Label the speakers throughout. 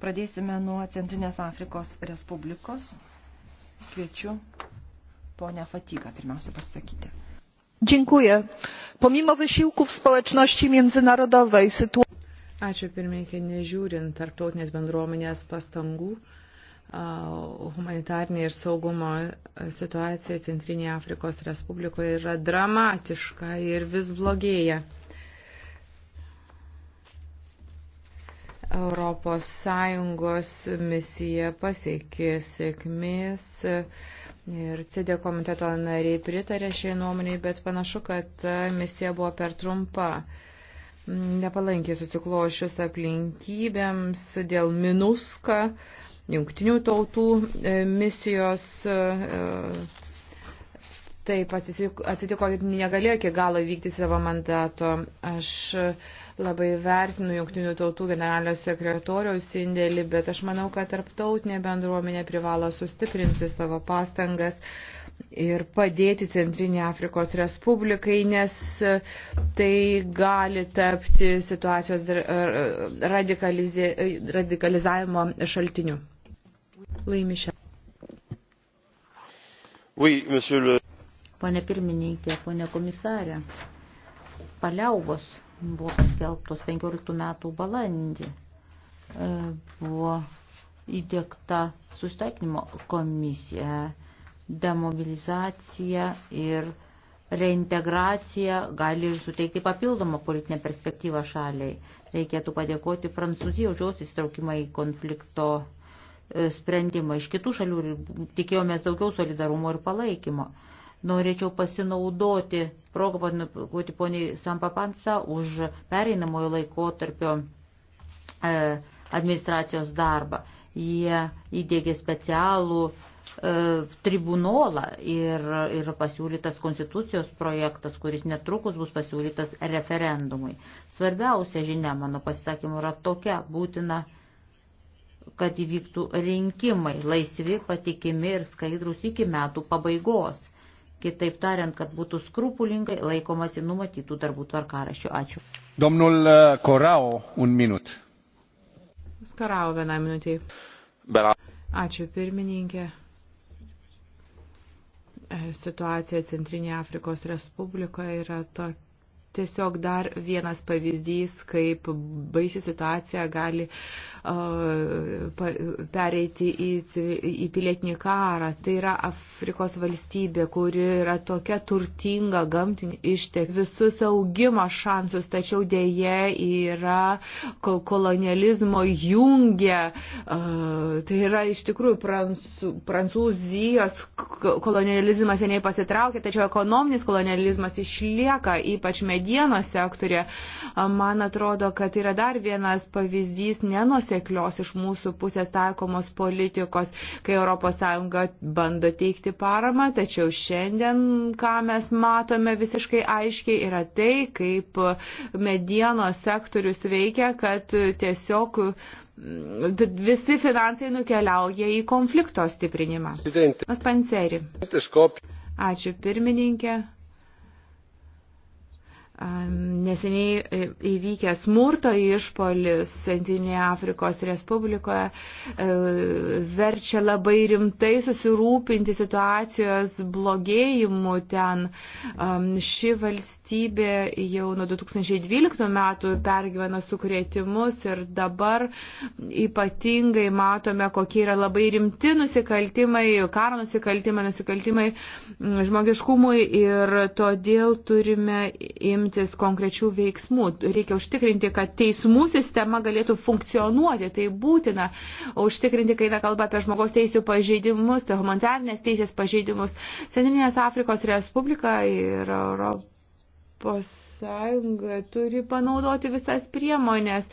Speaker 1: Pradėsime nuo Centrinės Afrikos Respublikos. Kviečiu ponę Fatigą pirmiausia pasisakyti. Dziękuję. Pomimo wysiłków społeczności międzynarodowej sytuacja.
Speaker 2: Ačiū pirmininkė, nežiūrint tarptautinės bendruomenės pastangų, humanitarnė ir saugumo situacija Centrinėje Afrikos Respublikoje yra dramatiška ir vis blogėja. ES misija pasiekė sėkmės ir CD komiteto nariai pritarė šiai nuomonėj, bet panašu, kad misija buvo per trumpa. Nepalankiai susiklošius aplinkybėms dėl minuska, jungtinių tautų e, misijos. E, taip atsitiko, kad negalėjo iki galo vykti savo mandato. Aš Labai vertinu jungtinių tautų generalinio sekretoriaus indėlį, bet aš manau, kad tarptautinė bendruomenė privalo sustiprinti savo pastangas ir padėti Centrinė Afrikos Respublikai, nes tai gali tapti situacijos radikalizavimo šaltiniu. Laimišė.
Speaker 3: Oui, le... Pone pirmininkė, pone komisarė, paliaubos buvo paskelbtos 15 metų balandį. E, buvo įdėkta sustaikinimo komisija, demobilizacija ir reintegracija gali suteikti papildomą politinę perspektyvą šaliai. Reikėtų padėkoti Prancūzijos žiaus įsitraukimą į konflikto e, sprendimą. Iš kitų šalių tikėjomės daugiau solidarumo ir palaikymo. Norėčiau pasinaudoti progą padėkoti poniai Sampapansa už pereinamojo laikotarpio e, administracijos darbą. Jie įdėgė specialų e, tribunolą ir, ir pasiūlytas konstitucijos projektas, kuris netrukus bus pasiūlytas referendumui. Svarbiausia žinia mano pasisakymu yra tokia būtina, kad įvyktų rinkimai laisvi, patikimi ir skaidrus iki metų pabaigos kitaip tariant, kad būtų skrupulingai laikomasi numatytų darbų tvarkaraščių. Ačiū.
Speaker 2: Domnul Korao, uh, un minut. Skarao vieną minutį. Ačiū pirmininkė. E, situacija Centrinėje Afrikos Respublikoje yra tokia tiesiog dar vienas pavyzdys, kaip baisi situacija gali uh, pa, pereiti į, į pilietinį karą. Tai yra Afrikos valstybė, kuri yra tokia turtinga gamtinių išteklių, visus augimo šansus, tačiau dėje yra kol kolonializmo jungia. Uh, tai yra iš tikrųjų prancū, prancūzijos kolonializmas seniai pasitraukė, tačiau ekonominis kolonializmas išlieka, ypač medicinos medienos sektorė. Man atrodo, kad yra dar vienas pavyzdys nenuseklios iš mūsų pusės taikomos politikos, kai ES bando teikti paramą, tačiau šiandien, ką mes matome visiškai aiškiai, yra tai, kaip medienos sektorius veikia, kad tiesiog visi finansai nukeliauja į konflikto stiprinimą. Panseri. Ačiū pirmininkė neseniai e, įvykęs smurto išpolis Centrinėje Afrikos Respublikoje e, verčia labai rimtai susirūpinti situacijos blogėjimu ten. Ši valstybė jau nuo 2012 metų pergyvena sukrėtimus ir dabar ypatingai matome, kokie yra labai rimti nusikaltimai, karo nusikaltimai, nusikaltimai žmogiškumui ir todėl turime imti imtis konkrečių veiksmų. Reikia užtikrinti, kad teismų sistema galėtų funkcionuoti. Tai būtina užtikrinti, kai eina kalba apie žmogaus teisų pažeidimus, tai humanitarnės teisės pažeidimus. Centrinės Afrikos Respublika ir Europos Europos Sąjunga turi panaudoti visas priemonės,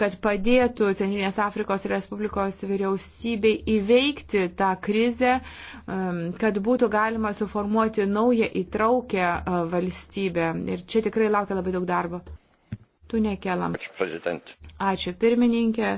Speaker 2: kad padėtų Centrinės Afrikos Respublikos vyriausybei įveikti tą krizę, kad būtų galima suformuoti naują įtraukę valstybę. Ir čia tikrai laukia labai daug darbo. Tu nekelam. Ačiū, Ačiū pirmininkė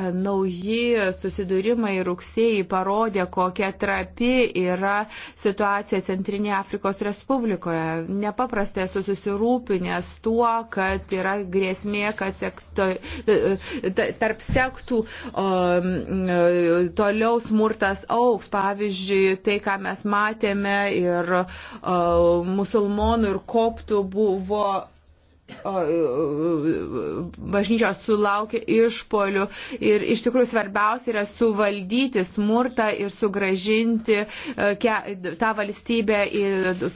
Speaker 2: nauji susidūrimai rugsėjai parodė, kokia trapi yra situacija Centrinėje Afrikos Respublikoje. Nepaprastai esu susirūpinęs tuo, kad yra grėsmė, kad sekto, e, e, tarp sektų e, toliau smurtas auks. Pavyzdžiui, tai, ką mes matėme ir musulmonų ir koptų buvo E, bažnyčios sulaukia išpolių ir iš tikrųjų svarbiausia yra suvaldyti smurtą ir sugražinti e, tą valstybę į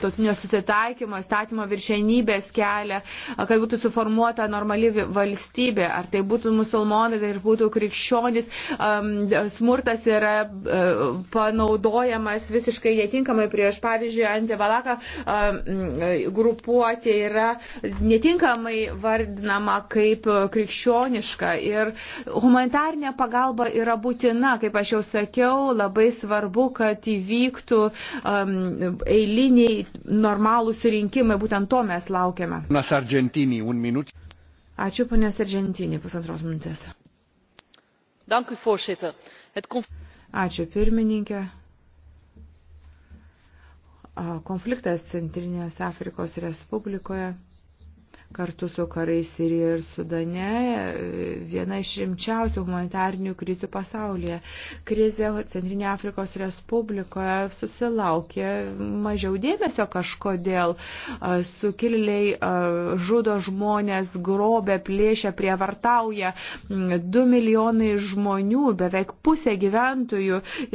Speaker 2: tautinio susitaikymo, statymo viršenybės kelią, kad būtų suformuota normali valstybė, ar tai būtų musulmonai, tai būtų krikščionis, smurtas yra e, panaudojamas visiškai netinkamai prieš, pavyzdžiui, antivalaką grupuotė yra netinkamai tinkamai vardinama kaip krikščioniška ir humanitarinė pagalba yra būtina, kaip aš jau sakiau, labai svarbu, kad įvyktų um, eiliniai normalūs rinkimai, būtent to mes laukiame. Ačiū, ponė Sargentinė, pusantros minutės. Ačiū, pirmininkė konfliktas Centrinės Afrikos Respublikoje kartu su karais Sirijoje ir Sudane viena iš rimčiausių humanitarnių krizių pasaulyje. Krizė Centrinė Afrikos Respublikoje susilaukė mažiau dėmesio kažkodėl. Sukilėliai žudo žmonės, grobė, plėšia, prievartauja. 2 mm, milijonai žmonių, beveik pusė gyventojų e,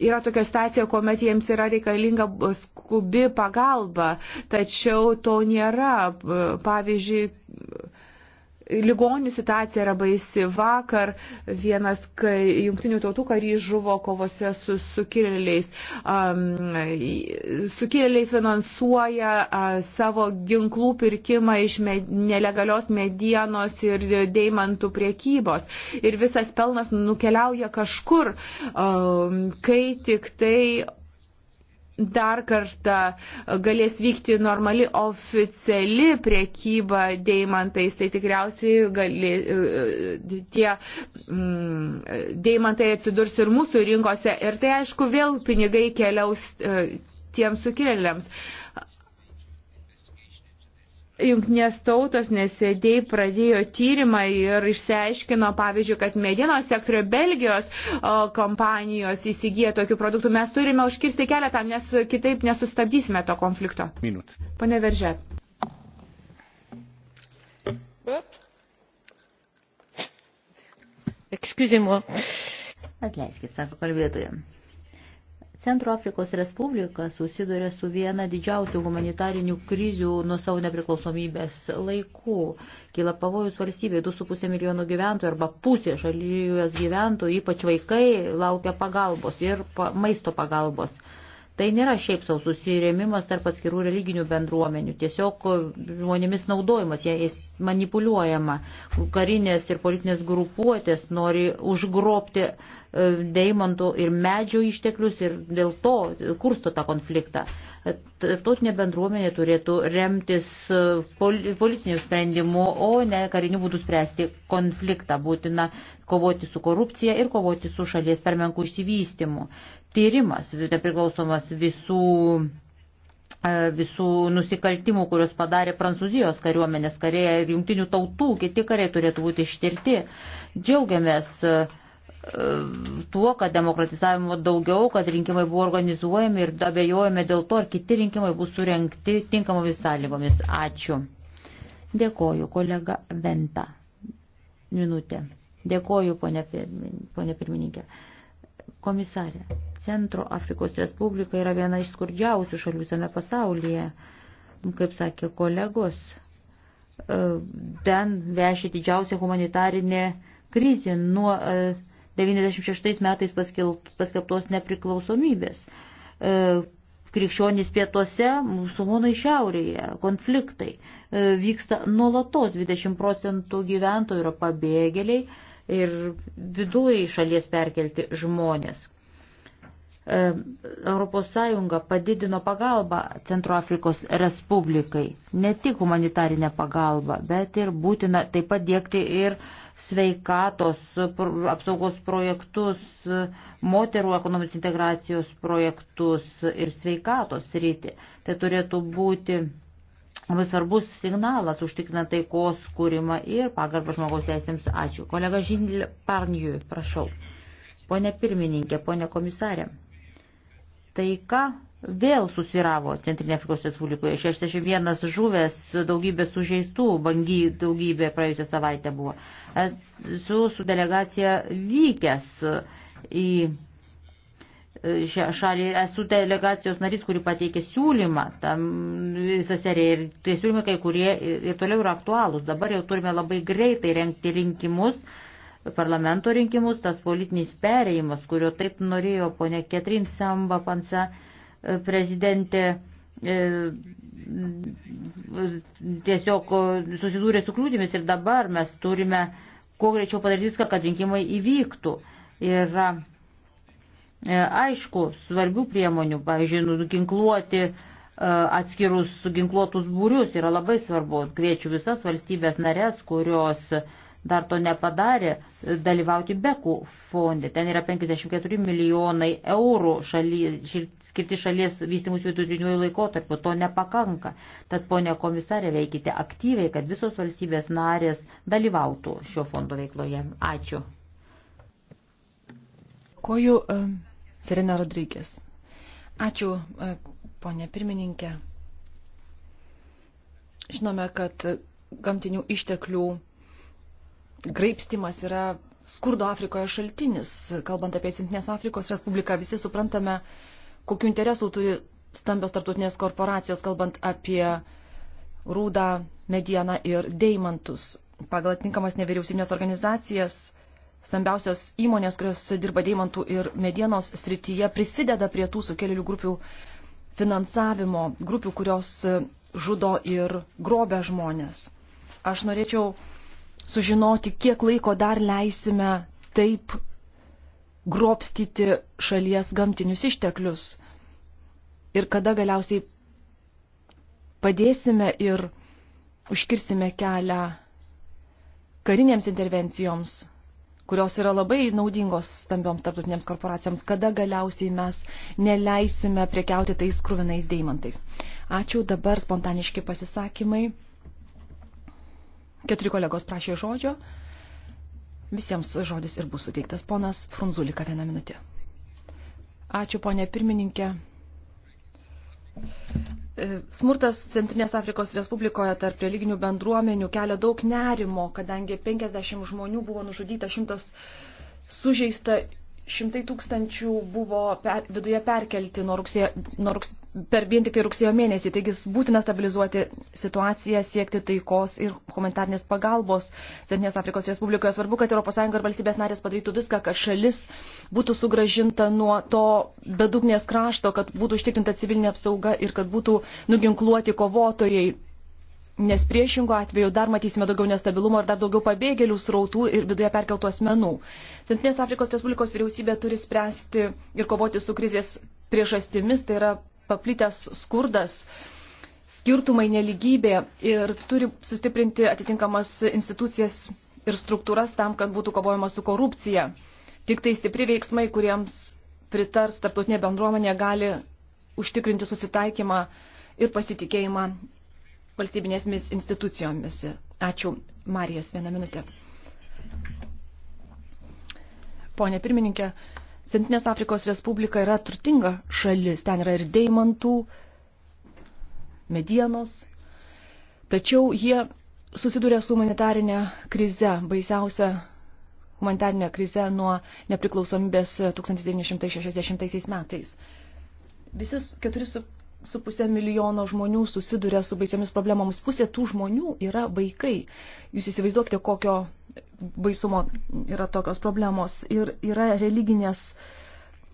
Speaker 2: yra tokia situacija, kuomet jiems yra reikalinga skubi pagalba, tačiau to nėra. Pavyzdžiui, Ligonių situacija yra baisi. Vakar vienas jungtinių tautų karys žuvo kovose su sukilėliais. Um, sukilėliai finansuoja uh, savo ginklų pirkimą iš med, nelegalios medienos ir deimantų priekybos. Ir visas pelnas nukeliauja kažkur, um, kai tik tai dar kartą galės vykti normali oficiali priekyba deimantais, tai tikriausiai gali, e, tie mm, deimantai atsidurs ir mūsų rinkose. Ir tai aišku, vėl pinigai keliaus e, tiems sukilėliams. Junktinės tautos nesėdėjai pradėjo tyrimą ir išsiaiškino, pavyzdžiui, kad medienos sektorio Belgijos o, kompanijos įsigyja tokių produktų. Mes turime užkirsti kelią tam, nes kitaip nesustabdysime to konflikto. Minut. Pane Veržet.
Speaker 3: Excusez-moi. Atleiskit, sako kalbėtojams. Centro Afrikos Respublika susiduria su viena didžiausių humanitarinių krizių nuo savo nepriklausomybės laikų. Kila pavojus valstybėje 2,5 milijonų gyventojų arba pusė šalies gyventojų, ypač vaikai, laukia pagalbos ir pa, maisto pagalbos. Tai nėra šiaip savo susirėmimas tarp atskirų religinių bendruomenių, tiesiog žmonėmis naudojimas, jais manipuliuojama. Karinės ir politinės grupuotės nori užgrobti E, deimantų ir medžio išteklius ir dėl to kursto tą konfliktą. E, Tarptautinė bendruomenė turėtų remtis e, politinių sprendimų, o ne karinių būdų spręsti konfliktą. Būtina kovoti su korupcija ir kovoti su šalies permenkų išsivystymu. Tyrimas, nepriklausomas visų visų nusikaltimų, kuriuos padarė Prancūzijos kariuomenės kariai ir jungtinių tautų, kiti kariai turėtų būti ištirti. Džiaugiamės uh, tuo, kad demokratizavimo daugiau, kad rinkimai buvo organizuojami ir abejojame dėl to, ar kiti rinkimai bus surenkti tinkamomis sąlygomis. Ačiū. Dėkoju, kolega Venta. Minutė. Dėkoju, ponė, ponė pirmininkė. Komisarė, Centro Afrikos Respublika yra viena iš skurdžiausių šalių visame pasaulyje. Kaip sakė kolegos, e, ten veši didžiausia humanitarinė krizė nuo uh, 96 metais paskelbtos nepriklausomybės. E, krikščionys pietuose, musulmonai šiaurėje, konfliktai e, vyksta nuolatos, 20 procentų gyventojų yra pabėgėliai ir viduje į šalies perkelti žmonės. ES padidino pagalbą Centro Afrikos Respublikai. Ne tik humanitarinę pagalbą, bet ir būtina taip pat dėkti ir sveikatos apsaugos projektus, moterų ekonomis integracijos projektus ir sveikatos rytį. Tai turėtų būti labai svarbus signalas užtikrinant taikos kūrimą ir pagarbą žmogaus teisėms. Ačiū. Kolega Žinil Parnijui, prašau. Pone pirmininkė, pone komisarė. Taika vėl susiravo Centrinė Afrikos Respublikoje. 61 žuvęs, daugybė sužeistų, bangy daugybė praėjusią savaitę buvo. Esu su delegacija vykęs į e, šią šalį. Esu delegacijos narys, kuri pateikė siūlymą tam visą seriją ir tie siūlymai kai kurie ir toliau yra aktualūs. Dabar jau turime labai greitai renkti rinkimus parlamento rinkimus, tas politinis perėjimas, kurio taip norėjo ponė Ketrin Samba Pansa, prezidentė e, tiesiog susidūrė su kliūtimis ir dabar mes turime kuo greičiau padaryti viską, kad rinkimai įvyktų. Ir e, aišku, svarbių priemonių, pavyzdžiui, nuginkluoti e, atskirus ginkluotus būrius yra labai svarbu. Kviečiu visas valstybės narės, kurios dar to nepadarė, dalyvauti Bekų fonde. Ten yra 54 milijonai eurų šaly, skirti šalies vystimus vidutiniuoju laikotarpiu. To nepakanka. Tad, ponė komisarė, veikite aktyviai, kad visos valstybės narės dalyvautų šio fondo veikloje. Ačiū. Koju um, Serena Rodrygės.
Speaker 1: Ačiū, e, ponė pirmininkė. Žinome, kad gamtinių išteklių graipstimas yra skurdo Afrikoje šaltinis. Kalbant apie Sintinės Afrikos Respubliką, visi suprantame, kokiu interesu turi stambios tarptautinės korporacijos, kalbant apie rūdą, medieną ir deimantus. Pagal atinkamas nevyriausybinės organizacijas, stambiausios įmonės, kurios dirba deimantų ir medienos srityje, prisideda prie tų sukėlėlių grupių finansavimo, grupių, kurios žudo ir grobia žmonės. Aš norėčiau sužinoti, kiek laiko dar leisime taip grobstyti šalies gamtinius išteklius ir kada galiausiai padėsime ir užkirsime kelią karinėms intervencijoms, kurios yra labai naudingos stambioms tarptautinėms korporacijoms, kada galiausiai mes neleisime prekiauti tais krūvinais deimantais. Ačiū, dabar spontaniški pasisakymai. Keturi kolegos prašė žodžio. Visiems žodis ir bus suteiktas ponas Frunzulika vieną minutę. Ačiū, ponė pirmininkė. E, smurtas Centrinės Afrikos Respublikoje tarp religinių bendruomenių kelia daug nerimo, kadangi 50 žmonių buvo nužudyta, 100 sužeista Šimtai tūkstančių buvo per, viduje perkelti nuo rugsėjo, nuo rugs, per vien tik tai rugsėjo mėnesį, taigi būtina stabilizuoti situaciją, siekti taikos ir humanitarnės pagalbos Centrinės Afrikos Respublikoje. Svarbu, kad ES ir valstybės narės padarytų viską, kad šalis būtų sugražinta nuo to bedugnės krašto, kad būtų užtikrinta civilinė apsauga ir kad būtų nuginkluoti kovotojai nes priešingo atveju dar matysime daugiau nestabilumo ir dar daugiau pabėgėlių srautų ir viduje perkeltų asmenų. Centrinės Afrikos Respublikos vyriausybė turi spręsti ir kovoti su krizės priežastimis, tai yra paplitęs skurdas, skirtumai neligybė ir turi sustiprinti atitinkamas institucijas ir struktūras tam, kad būtų kovojama su korupcija. Tik tai stipri veiksmai, kuriems pritars tarptautinė bendruomenė, gali užtikrinti susitaikymą ir pasitikėjimą valstybinėsmis institucijomis. Ačiū, Marijas, vieną minutę. Pone pirmininkė, Centrinės Afrikos Respublika yra turtinga šalis, ten yra ir deimantų, medienos, tačiau jie susiduria su humanitarinė krize, baisiausia humanitarinė krize nuo nepriklausomybės 1960 metais. Visus 4,5 su pusė milijono žmonių susiduria su baisiamis problemomis. Pusė tų žmonių yra vaikai. Jūs įsivaizduokite, kokio baisumo yra tokios problemos. Ir yra religinės,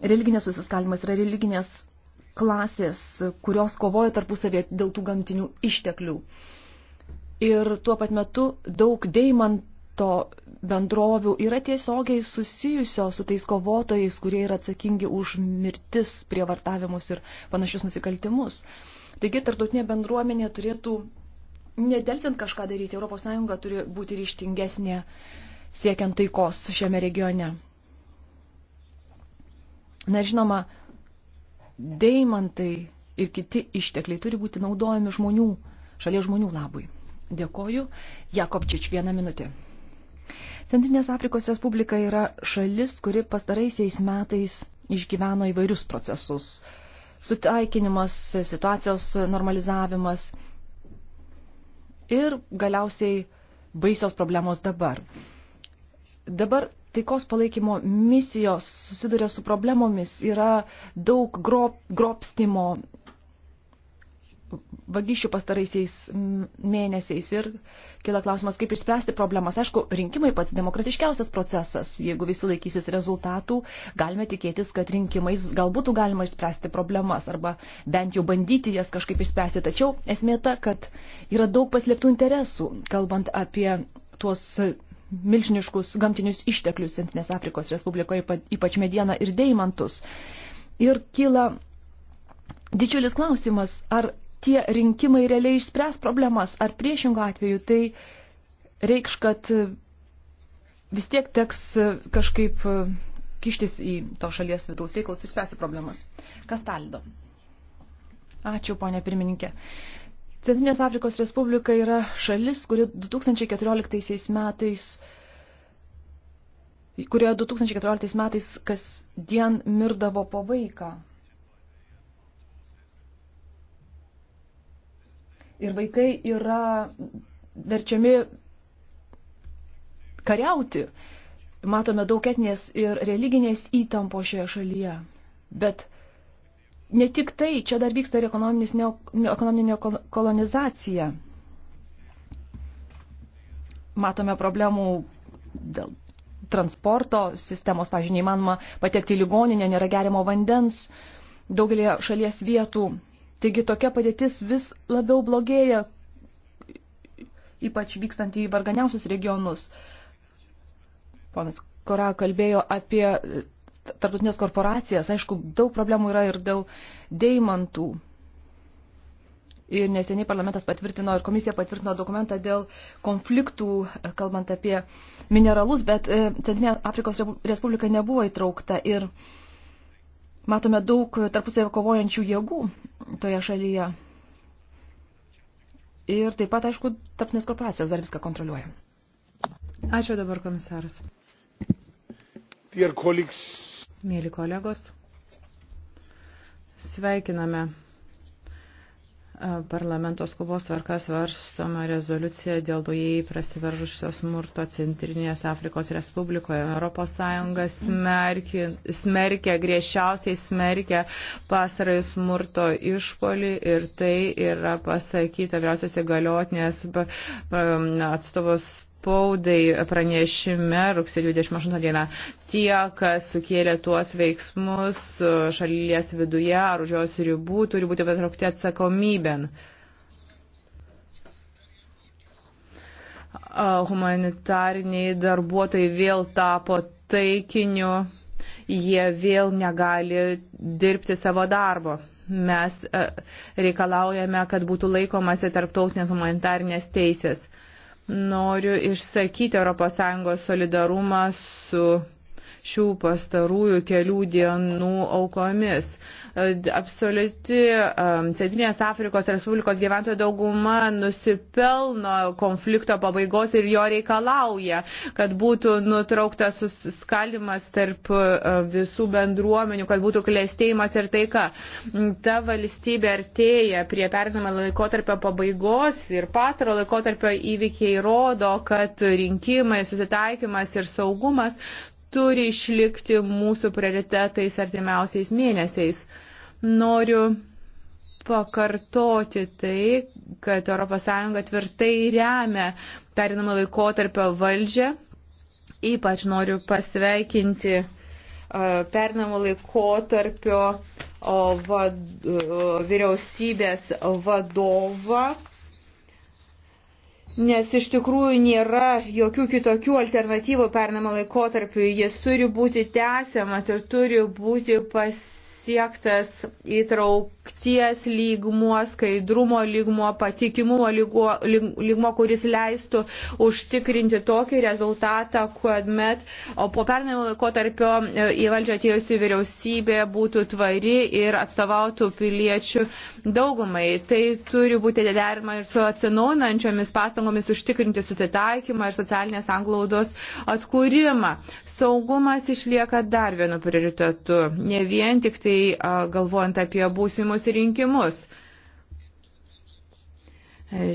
Speaker 1: religinės susiskalimas, yra religinės klasės, kurios kovoja tarpusavėje dėl tų gamtinių išteklių. Ir tuo pat metu daug deimantų to bendrovių yra tiesiogiai susijusios su tais kovotojais, kurie yra atsakingi už mirtis, prievartavimus ir panašius nusikaltimus. Taigi tarptautinė bendruomenė turėtų nedelsiant kažką daryti, ES turi būti ryštingesnė siekiant taikos šiame regione. Na žinoma, deimantai ir kiti ištekliai turi būti naudojami žmonių, šalies žmonių labui. Dėkoju. Jakobčič, vieną minutę. Centrinės Afrikos Respublika yra šalis, kuri pastaraisiais metais išgyveno įvairius procesus. Sutaikinimas, situacijos normalizavimas ir galiausiai baisios problemos dabar. Dabar taikos palaikymo misijos susiduria su problemomis, yra daug grob, grobstimo vagysčių pastaraisiais mėnesiais ir kila klausimas, kaip išspręsti problemas. Aišku, rinkimai pats demokratiškiausias procesas. Jeigu visi laikysis rezultatų, galime tikėtis, kad rinkimais galbūt galima išspręsti problemas arba bent jau bandyti jas kažkaip išspręsti. Tačiau esmė ta, kad yra daug paslėptų interesų, kalbant apie tuos milžiniškus gamtinius išteklius Centrinės Afrikos Respublikoje, ypač medieną ir deimantus. Ir kyla didžiulis klausimas, ar tie rinkimai realiai išspręs problemas, ar priešingų atveju tai reikš, kad vis tiek teks kažkaip kištis į to šalies vidaus reikalus ir spręsti problemas. Kas taldo? Ačiū, ponė pirmininkė. Centrinės Afrikos Respublika yra šalis, kuri 2014 metais kurioje 2014 metais kasdien mirdavo po vaiką. ir vaikai yra verčiami kariauti. Matome daug etinės ir religinės įtampos šioje šalyje. Bet ne tik tai, čia dar vyksta ir neo, ekonominė kolonizacija. Matome problemų dėl transporto sistemos, pažiūrėjau, neįmanoma patekti į ligoninę, nėra gerimo vandens, daugelį šalies vietų Taigi tokia padėtis vis labiau blogėja, ypač vykstant į varganiausius regionus. Ponas Kora kalbėjo apie e, tarptautinės korporacijas. Aišku, daug problemų yra ir dėl deimantų. Ir neseniai parlamentas patvirtino ir komisija patvirtino dokumentą dėl konfliktų, e, kalbant apie mineralus, bet e, Centrinė Afrikos Respublika nebuvo įtraukta. Ir uh, Matome daug tarpusavio kovojančių jėgų toje šalyje. Ir taip pat, aišku, tarptinės korporacijos dar viską kontroliuoja.
Speaker 2: Ačiū dabar, komisaras. Mėly kolegos, sveikiname parlamentos skubos tvarkas varstoma rezoliucija dėl dujai prasiveržusio smurto Centrinės Afrikos Respublikoje. ES smerkia, smerkia griežčiausiai smerkia pasarai smurto išpolį ir tai yra pasakyta vyriausios įgaliotinės atstovos spaudai pranešime rugsėjo 28 dieną. Tie, kas sukėlė tuos veiksmus e, šalies viduje ar už jos ribų, turi būti patraukti atsakomybėn. Humanitariniai darbuotojai vėl tapo taikiniu, jie vėl negali dirbti savo darbo mes e, reikalaujame, kad būtų laikomasi tarptautinės humanitarnės teisės. Noriu išsakyti ES solidarumą su šių pastarųjų kelių dienų aukomis absoliuti um, Centrinės Afrikos Respublikos gyventojų dauguma nusipelno konflikto pabaigos ir jo reikalauja, kad būtų nutrauktas skalimas tarp uh, visų bendruomenių, kad būtų klėstėjimas ir taika. Mm, ta valstybė artėja prie pernamą laikotarpio pabaigos ir pastaro laikotarpio įvykiai rodo, kad rinkimai, susitaikymas ir saugumas turi išlikti mūsų prioritetais artimiausiais mėnesiais. Noriu pakartoti tai, kad ES tvirtai remia perinamą laikotarpio valdžią. Ypač noriu pasveikinti e, perinamo laikotarpio vad, e, vyriausybės vadovą Nes iš tikrųjų nėra jokių kitokių alternatyvų pernamą laikotarpiu. Jis turi būti tęsiamas ir turi būti pasiektas įtrauk ties lygmuo, skaidrumo lygmuo, patikimumo lygmuo, lygmuo, kuris leistų užtikrinti tokį rezultatą, kad met po pernai laikotarpio e, į valdžią atėjusi vyriausybė būtų tvari ir atstovautų piliečių daugumai. Tai turi būti derima ir su atsinaunančiomis pastangomis užtikrinti susitaikymą ir socialinės anglaudos atkūrimą. Saugumas išlieka dar vienu prioritetu, ne vien tik tai galvojant apie būsimų būsimus rinkimus.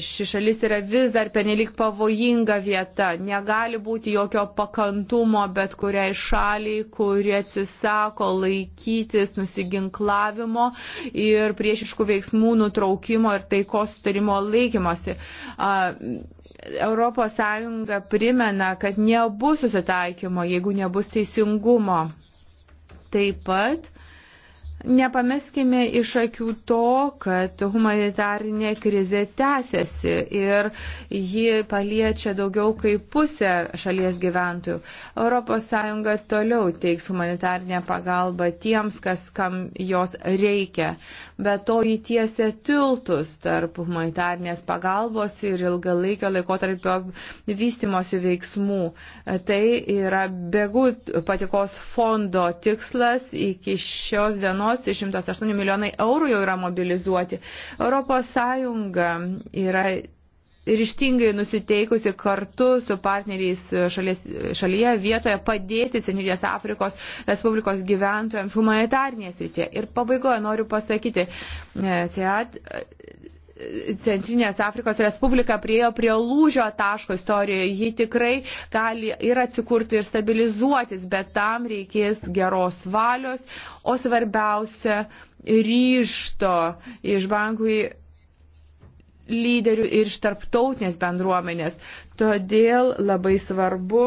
Speaker 2: Ši šalis yra vis dar penelik pavojinga vieta. Negali būti jokio pakantumo bet kuriai šaliai, kuri atsisako laikytis nusiginklavimo ir priešiškų veiksmų nutraukimo ir taikos sutarimo laikymosi. Europos Sąjunga primena, kad nebus susitaikymo, jeigu nebus teisingumo. Taip pat Nepameskime iš akių to, kad humanitarinė krizė tęsiasi ir ji paliečia daugiau kaip pusę šalies gyventojų. ES toliau teiks humanitarinę pagalbą tiems, kas kam jos reikia. Be to jį tiesia tiltus tarp humanitarinės pagalbos ir ilgalaikio laikotarpio vystimosi veiksmų. Tai yra begų patikos fondo tikslas iki šios dienos paramos 108 tai milijonai eurų jau yra mobilizuoti. Europos Sąjunga yra ryštingai nusiteikusi kartu su partneriais šalies, šalyje vietoje padėti Senilės Afrikos Respublikos gyventojams humanitarnės rytė. Ir pabaigoje noriu pasakyti, e, SEAT Centrinės Afrikos Respublika priejo prie lūžio taško istorijoje. Ji tikrai gali ir atsikurti, ir stabilizuotis, bet tam reikės geros valios, o svarbiausia ryšto iš bankų lyderių ir iš tarptautinės bendruomenės. Todėl labai svarbu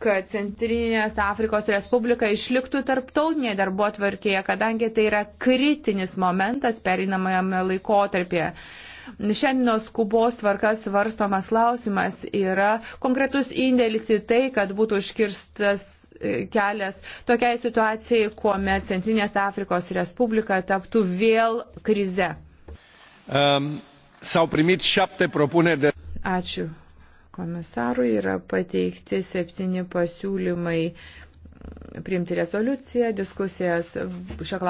Speaker 2: kad Centrinės Afrikos Respublika išliktų tarptautinėje darbo tvarkėje, kadangi tai yra kritinis momentas perinamajame laikotarpėje. Šiandienos skubos tvarkas svarstomas klausimas yra konkretus indėlis į tai, kad būtų užkirstas e, kelias tokiai situacijai, kuomet Centrinės Afrikos Respublika taptų vėl krize.
Speaker 1: Um, sau primit șapte propuneri de...
Speaker 2: Ačiū komisarui yra pateikti septyni pasiūlymai priimti rezoliuciją, diskusijas šio klausimą.